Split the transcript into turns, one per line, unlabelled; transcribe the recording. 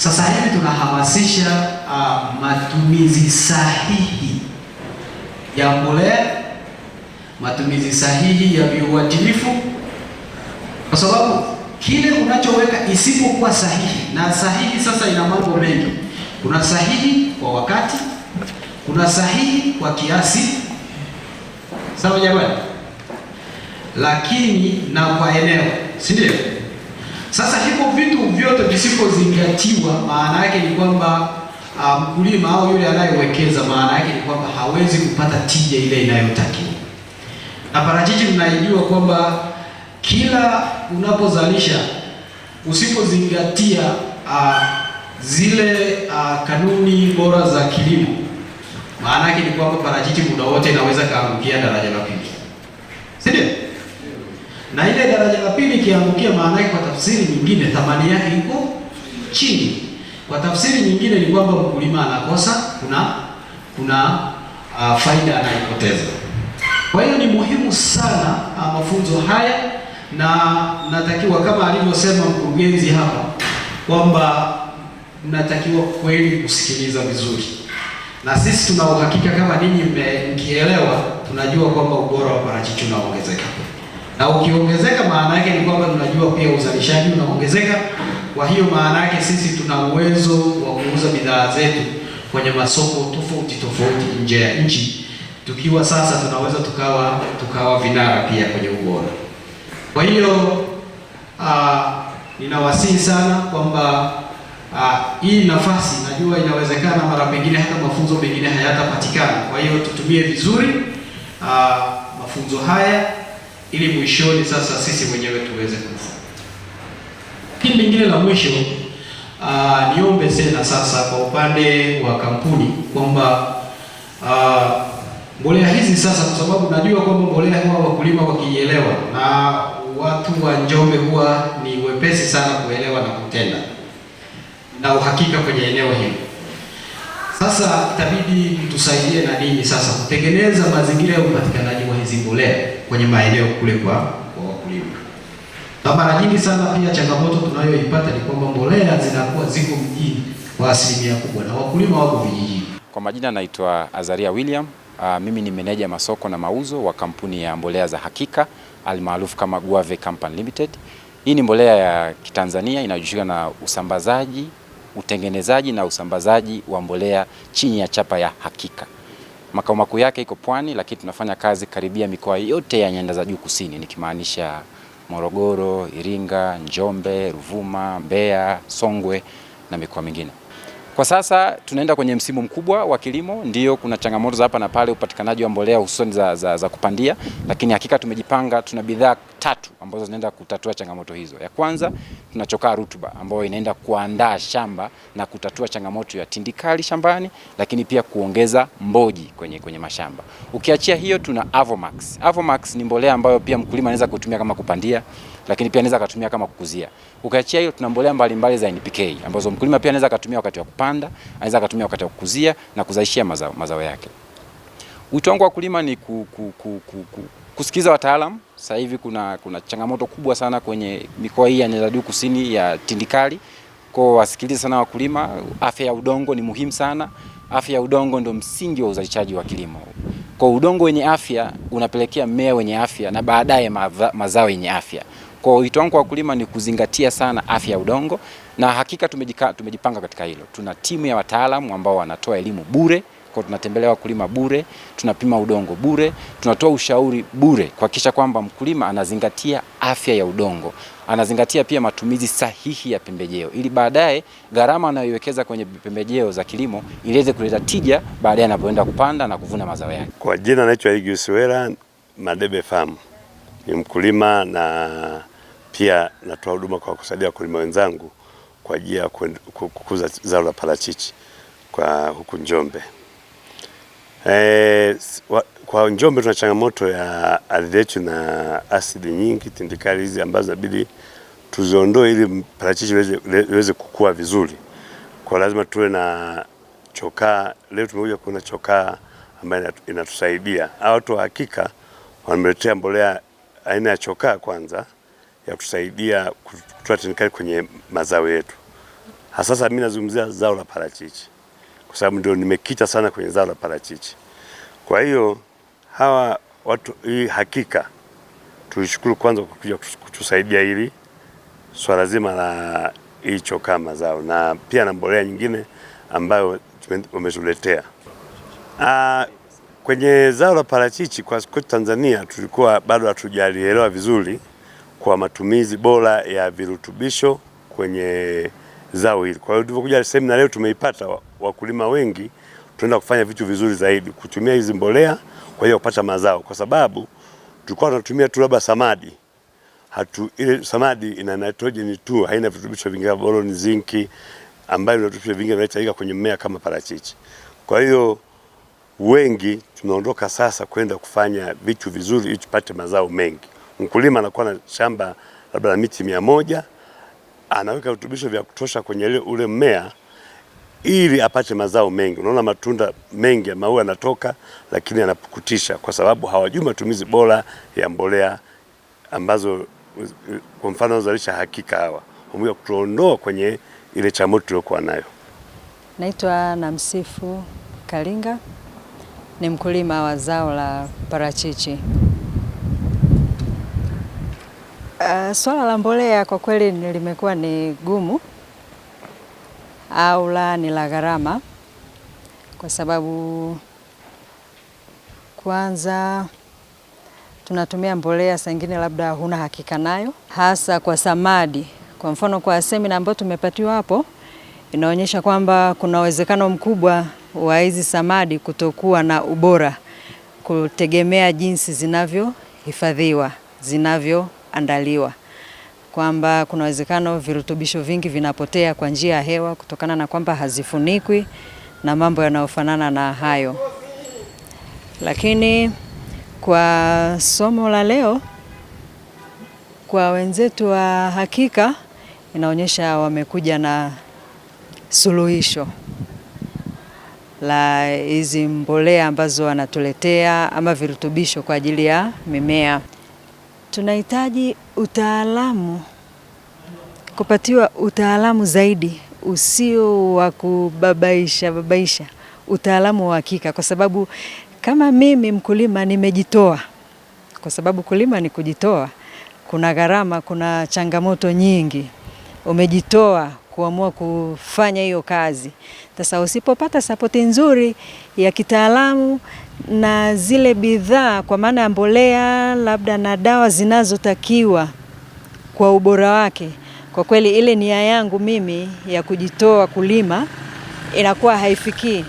Sasa hivi tunahamasisha uh, matumizi sahihi ya mbolea, matumizi sahihi ya viuatilifu, kwa sababu kile unachoweka isipokuwa sahihi, na sahihi sasa ina mambo mengi. Kuna sahihi kwa wakati, kuna sahihi kwa kiasi, sawa jamani, lakini na kwa eneo, si ndio? Sasa hivyo vitu vyote visipozingatiwa, maana yake ni kwamba ah, mkulima um, au yule anayewekeza, maana yake ni kwamba hawezi kupata tija ile inayotakiwa. Na parachichi mnaijua kwamba kila unapozalisha usipozingatia uh, zile uh, kanuni bora za kilimo, maana yake ni kwamba parachichi muda wote inaweza kaangukia daraja la pili, si ndio? na ile daraja la pili ikiangukia, maana yake kwa tafsiri nyingine thamani yake iko chini. Kwa tafsiri nyingine ni kwamba mkulima anakosa kuna kuna uh, faida anayopoteza. Kwa hiyo ni muhimu sana uh, mafunzo haya, na natakiwa kama alivyosema mkurugenzi hapa kwamba mnatakiwa kweli kusikiliza vizuri, na sisi tuna uhakika kama ninyi mkielewa, tunajua kwamba ubora wa parachichi unaongezeka na ukiongezeka, maana yake ni kwamba tunajua pia uzalishaji unaongezeka. Kwa hiyo maana yake sisi tuna uwezo wa kuuza bidhaa zetu kwenye masoko tofauti tofauti nje ya nchi, tukiwa sasa tunaweza tukawa tukawa vinara pia kwenye ubora. Kwa hiyo ah, ninawasihi sana kwamba ah, hii nafasi najua inawezekana mara pengine hata mafunzo mengine hayatapatikana. Kwa hiyo tutumie vizuri aa, ah, mafunzo haya ili mwishoni sasa sisi mwenyewe tuweze kufa. Lakini lingine la mwisho Uh, niombe tena sasa kwa upande wa kampuni kwamba uh, mbolea hizi sasa, kwa sababu najua kwamba mbolea huwa wakulima wakiielewa, na watu wa Njombe huwa ni wepesi sana kuelewa na kutenda na uhakika kwenye eneo hili. Sasa itabidi tusaidie na nini sasa kutengeneza mazingira ya upatikanaji wa hizi mbolea kwenye maeneo kule kwa kwa wakulima. Na mara nyingi sana pia changamoto tunayoipata ni kwamba mbolea zinakuwa ziko mjini kwa asilimia kubwa na wakulima wako vijijini.
Kwa majina naitwa Azaria William. Uh, mimi ni meneja masoko na mauzo wa kampuni ya mbolea za Hakika almaarufu kama Guave Company Limited. Hii ni mbolea ya Kitanzania inayojishughulika na usambazaji, utengenezaji na usambazaji wa mbolea chini ya chapa ya Hakika. Makao makuu yake iko Pwani, lakini tunafanya kazi karibia mikoa yote ya nyanda za juu kusini, nikimaanisha Morogoro, Iringa, Njombe, Ruvuma, Mbeya, Songwe na mikoa mingine. Kwa sasa tunaenda kwenye msimu mkubwa wa kilimo, ndio kuna changamoto za hapa na pale upatikanaji wa mbolea hususani za, za, za kupandia, lakini hakika tumejipanga. Tuna bidhaa tatu ambazo zinaenda kutatua changamoto hizo. Ya kwanza tunachokaa rutuba ambayo inaenda kuandaa shamba na kutatua changamoto ya tindikali shambani, lakini pia kuongeza mboji kwenye, kwenye mashamba. Ukiachia hiyo, tuna Avomax. Avomax ni mbolea ambayo pia mkulima anaweza kutumia kama kupandia lakini pia anaweza akatumia kama kukuzia. Ukiachia hiyo, tuna mbolea mbalimbali za NPK ambazo mkulima pia anaweza akatumia wakati wa kupanda, anaweza akatumia wakati wa kukuzia na kuzalishia mazao, mazao yake. Wito wangu wa kulima ni ku, ku, ku, ku, ku, kusikiza wataalamu. Sasa hivi kuna, kuna changamoto kubwa sana kwenye mikoa hii ya nyanda juu kusini ya tindikali kwa wasikilize sana wakulima. Afya ya udongo ni muhimu sana. Afya ya udongo ndio msingi wa uzalishaji wa kilimo. Kwa udongo wenye afya unapelekea mmea wenye afya na baadaye mazao yenye afya. Kwa wito wangu kwa wakulima ni kuzingatia sana afya ya udongo, na hakika tumejika, tumejipanga katika hilo. Tuna timu ya wataalamu ambao wanatoa elimu bure kwa tunatembelea wakulima bure, tunapima udongo bure, tunatoa ushauri bure kuhakikisha kwamba mkulima anazingatia afya ya udongo, anazingatia pia matumizi sahihi ya pembejeo, ili baadaye gharama anayoiwekeza kwenye pembejeo za kilimo iweze kuleta tija baadaye anapoenda kupanda na kuvuna mazao yake.
Kwa jina naitwa Eligius Wera, Madebe Farm, ni mkulima na pia natoa huduma kwa kusaidia wakulima wenzangu kwa ajili ya kukuza zao la parachichi kwa huku Njombe. E, kwa Njombe tuna changamoto ya ardhi yetu na asidi nyingi tindikali hizi ambazo inabidi tuziondoe ili parachichi iweze kukua vizuri. Kwa lazima tuwe na chokaa. Leo tumekuja kuna chokaa ambayo inatusaidia. au watu wa hakika wameletea mbolea aina ya chokaa kwanza ya kutusaidia kutoa kemikali kwenye mazao yetu. Hasa sasa mimi nazungumzia zao la parachichi kwa sababu ndio nimekita sana kwenye zao la parachichi. Kwa hiyo hawa watu hii hakika tulishukuru kwanza kwa kuja kutusaidia hili swala zima la hii chokaa mazao na pia na mbolea nyingine ambayo wametuletea. Ah, kwenye zao la parachichi kwa Tanzania tulikuwa bado hatujalielewa vizuri kwa matumizi bora ya virutubisho kwenye zao hili. Kwa hiyo tulivyokuja semina leo tumeipata wakulima wengi, tunaenda kufanya vitu vizuri zaidi kutumia hizi mbolea kwa hiyo kupata mazao, kwa sababu tulikuwa tunatumia tu labda samadi hatu, ile samadi ina nitrogen tu, haina virutubisho vingi kama boron, zinki ambayo virutubisho vingi vinahitajika kwenye mmea kama parachichi. Kwa hiyo wengi tunaondoka sasa kwenda kufanya vitu vizuri ili tupate mazao mengi mkulima anakuwa na shamba labda la miti mia moja anaweka virutubisho vya kutosha kwenye ule mmea ili apate mazao mengi. Unaona matunda mengi ya maua yanatoka, lakini yanapukutisha kwa sababu hawajui matumizi bora ya mbolea ambazo kwa mfano zalisha hakika. Hawa umoja kutuondoa kwenye ile changamoto tuliokuwa nayo.
Naitwa Namsifu Kalinga, ni mkulima wa zao la parachichi. Uh, swala la mbolea kwa kweli limekuwa ni gumu au la ni la gharama, kwa sababu kwanza tunatumia mbolea sengine labda huna hakika nayo, hasa kwa samadi. Kwa mfano kwa semina ambayo tumepatiwa hapo, inaonyesha kwamba kuna uwezekano mkubwa wa hizi samadi kutokuwa na ubora, kutegemea jinsi zinavyohifadhiwa zinavyo andaliwa kwamba kuna uwezekano virutubisho vingi vinapotea kwa njia ya hewa kutokana na kwamba hazifunikwi na mambo yanayofanana na hayo. Lakini kwa somo la leo kwa wenzetu wa hakika inaonyesha wamekuja na suluhisho la hizi mbolea ambazo wanatuletea ama virutubisho kwa ajili ya mimea
tunahitaji utaalamu, kupatiwa utaalamu zaidi usio wa kubabaisha babaisha, utaalamu wa hakika, kwa sababu kama mimi mkulima nimejitoa, kwa sababu kulima ni kujitoa. Kuna gharama, kuna changamoto nyingi, umejitoa kuamua kufanya hiyo kazi. Sasa usipopata sapoti nzuri ya kitaalamu na zile bidhaa kwa maana ya mbolea labda na dawa zinazotakiwa kwa ubora wake, kwa kweli ile nia yangu mimi ya kujitoa kulima inakuwa haifikii.